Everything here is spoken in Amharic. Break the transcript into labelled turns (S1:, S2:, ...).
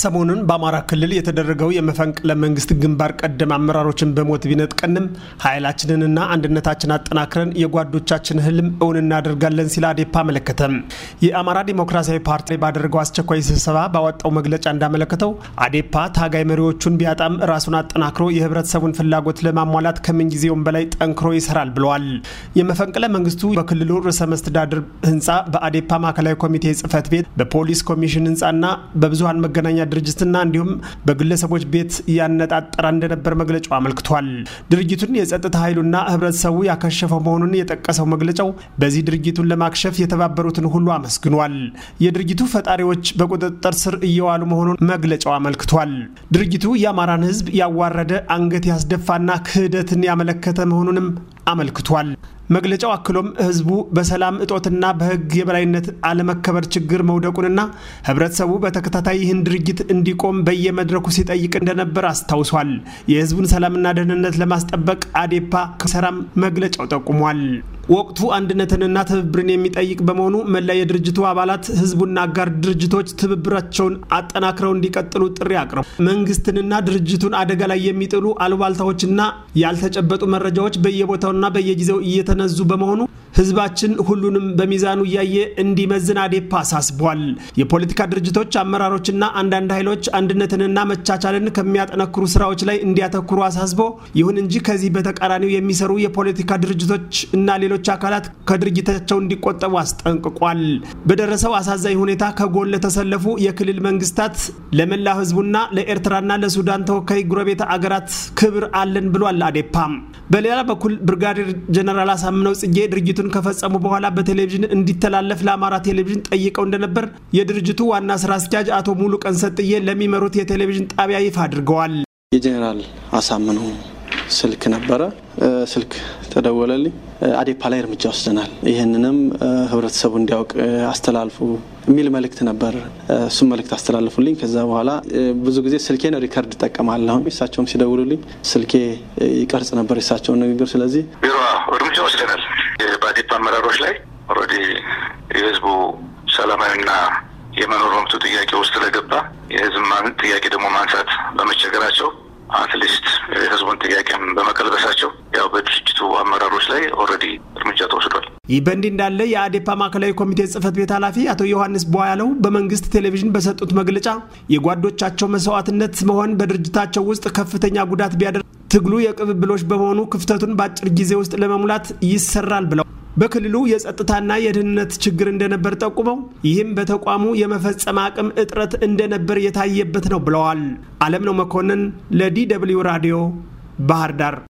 S1: ሰሞኑን በአማራ ክልል የተደረገው የመፈንቅለ መንግስት ግንባር ቀደም አመራሮችን በሞት ቢነጥቀንም ኃይላችንንና አንድነታችን አጠናክረን የጓዶቻችን ህልም እውን እናደርጋለን ሲል አዴፓ አመለከተም። የአማራ ዲሞክራሲያዊ ፓርቲ ባደረገው አስቸኳይ ስብሰባ ባወጣው መግለጫ እንዳመለከተው አዴፓ ታጋይ መሪዎቹን ቢያጣም ራሱን አጠናክሮ የህብረተሰቡን ፍላጎት ለማሟላት ከምንጊዜውም በላይ ጠንክሮ ይሰራል ብለዋል። የመፈንቅለ መንግስቱ በክልሉ ርዕሰ መስተዳድር ህንፃ፣ በአዴፓ ማዕከላዊ ኮሚቴ ጽህፈት ቤት፣ በፖሊስ ኮሚሽን ህንፃና በብዙሀን መገናኛ ድርጅትና እንዲሁም በግለሰቦች ቤት እያነጣጠረ እንደነበር መግለጫው አመልክቷል። ድርጅቱን የጸጥታ ኃይሉና ህብረተሰቡ ያከሸፈው መሆኑን የጠቀሰው መግለጫው በዚህ ድርጊቱን ለማክሸፍ የተባበሩትን ሁሉ አመስግኗል። የድርጅቱ ፈጣሪዎች በቁጥጥር ስር እየዋሉ መሆኑን መግለጫው አመልክቷል። ድርጅቱ የአማራን ህዝብ ያዋረደ አንገት ያስደፋና ክህደትን ያመለከተ መሆኑንም አመልክቷል። መግለጫው አክሎም ህዝቡ በሰላም እጦትና በህግ የበላይነት አለመከበር ችግር መውደቁንና ህብረተሰቡ በተከታታይ ይህን ድርጊት እንዲቆም በየመድረኩ ሲጠይቅ እንደነበር አስታውሷል። የህዝቡን ሰላምና ደህንነት ለማስጠበቅ አዴፓ ከሰራም መግለጫው ጠቁሟል። ወቅቱ አንድነትንና ትብብርን የሚጠይቅ በመሆኑ መላ የድርጅቱ አባላት ህዝቡና አጋር ድርጅቶች ትብብራቸውን አጠናክረው እንዲቀጥሉ ጥሪ አቅርቡ። መንግስትንና ድርጅቱን አደጋ ላይ የሚጥሉ አሉባልታዎችና ያልተጨበጡ መረጃዎች በየቦታውና በየጊዜው እየተነዙ በመሆኑ ህዝባችን ሁሉንም በሚዛኑ እያየ እንዲመዝን አዴፓ አሳስቧል። የፖለቲካ ድርጅቶች አመራሮችና አንዳንድ ኃይሎች አንድነትንና መቻቻልን ከሚያጠነክሩ ስራዎች ላይ እንዲያተኩሩ አሳስቦ ይሁን እንጂ ከዚህ በተቃራኒው የሚሰሩ የፖለቲካ ድርጅቶች እና ሌሎች አካላት ከድርጅታቸው እንዲቆጠቡ አስጠንቅቋል። በደረሰው አሳዛኝ ሁኔታ ከጎን ለተሰለፉ የክልል መንግስታት፣ ለመላ ህዝቡና ለኤርትራና ለሱዳን ተወካይ ጉረቤት አገራት ክብር አለን ብሏል አዴፓም። በሌላ በኩል ብርጋዴር ጀነራል አሳምነው ጽጌ ድርጅቱን ከፈጸሙ በኋላ በቴሌቪዥን እንዲተላለፍ ለአማራ ቴሌቪዥን ጠይቀው እንደነበር የድርጅቱ ዋና ስራ አስኪያጅ አቶ ሙሉ ቀን ሰጥዬ ለሚመሩት የቴሌቪዥን ጣቢያ ይፋ አድርገዋል።
S2: የጀኔራል አሳምነው ስልክ ነበረ። ስልክ ተደወለልኝ። አዴፓ ላይ እርምጃ ወስደናል፣ ይህንንም ህብረተሰቡ እንዲያውቅ አስተላልፉ የሚል መልእክት ነበር። እሱም መልእክት አስተላልፉልኝ። ከዛ በኋላ ብዙ ጊዜ ስልኬን ሪከርድ እጠቀማለሁ። እሳቸውም ሲደውሉልኝ ስልኬ ይቀርጽ ነበር የሳቸውን ንግግር። ስለዚህ ቢሮ እርምጃ ወስደናል በአዴፓ አመራሮች ላይ ረዲ የህዝቡ ሰላማዊና የመኖር መብቱ ጥያቄ ውስጥ ለገባ የህዝብ ጥያቄ ደግሞ ማንሳት በመቸገራቸው አትሊስት የህዝቡን ጥያቄም በመቀልበሳቸው
S1: ያው በድርጅቱ አመራሮች ላይ ኦልሬዲ እርምጃ ተወስዷል። ይህ በእንዲህ እንዳለ የአዴፓ ማዕከላዊ ኮሚቴ ጽህፈት ቤት ኃላፊ አቶ ዮሐንስ ቧ ያለው በመንግስት ቴሌቪዥን በሰጡት መግለጫ የጓዶቻቸው መስዋዕትነት መሆን በድርጅታቸው ውስጥ ከፍተኛ ጉዳት ቢያደርግ ትግሉ የቅብብሎች በመሆኑ ክፍተቱን በአጭር ጊዜ ውስጥ ለመሙላት ይሰራል ብለው በክልሉ የጸጥታና የደህንነት ችግር እንደነበር ጠቁመው ይህም በተቋሙ የመፈጸም አቅም እጥረት እንደነበር የታየበት ነው ብለዋል። አለም ነው መኮንን ለዲ ደብልዩ ራዲዮ ባህር ዳር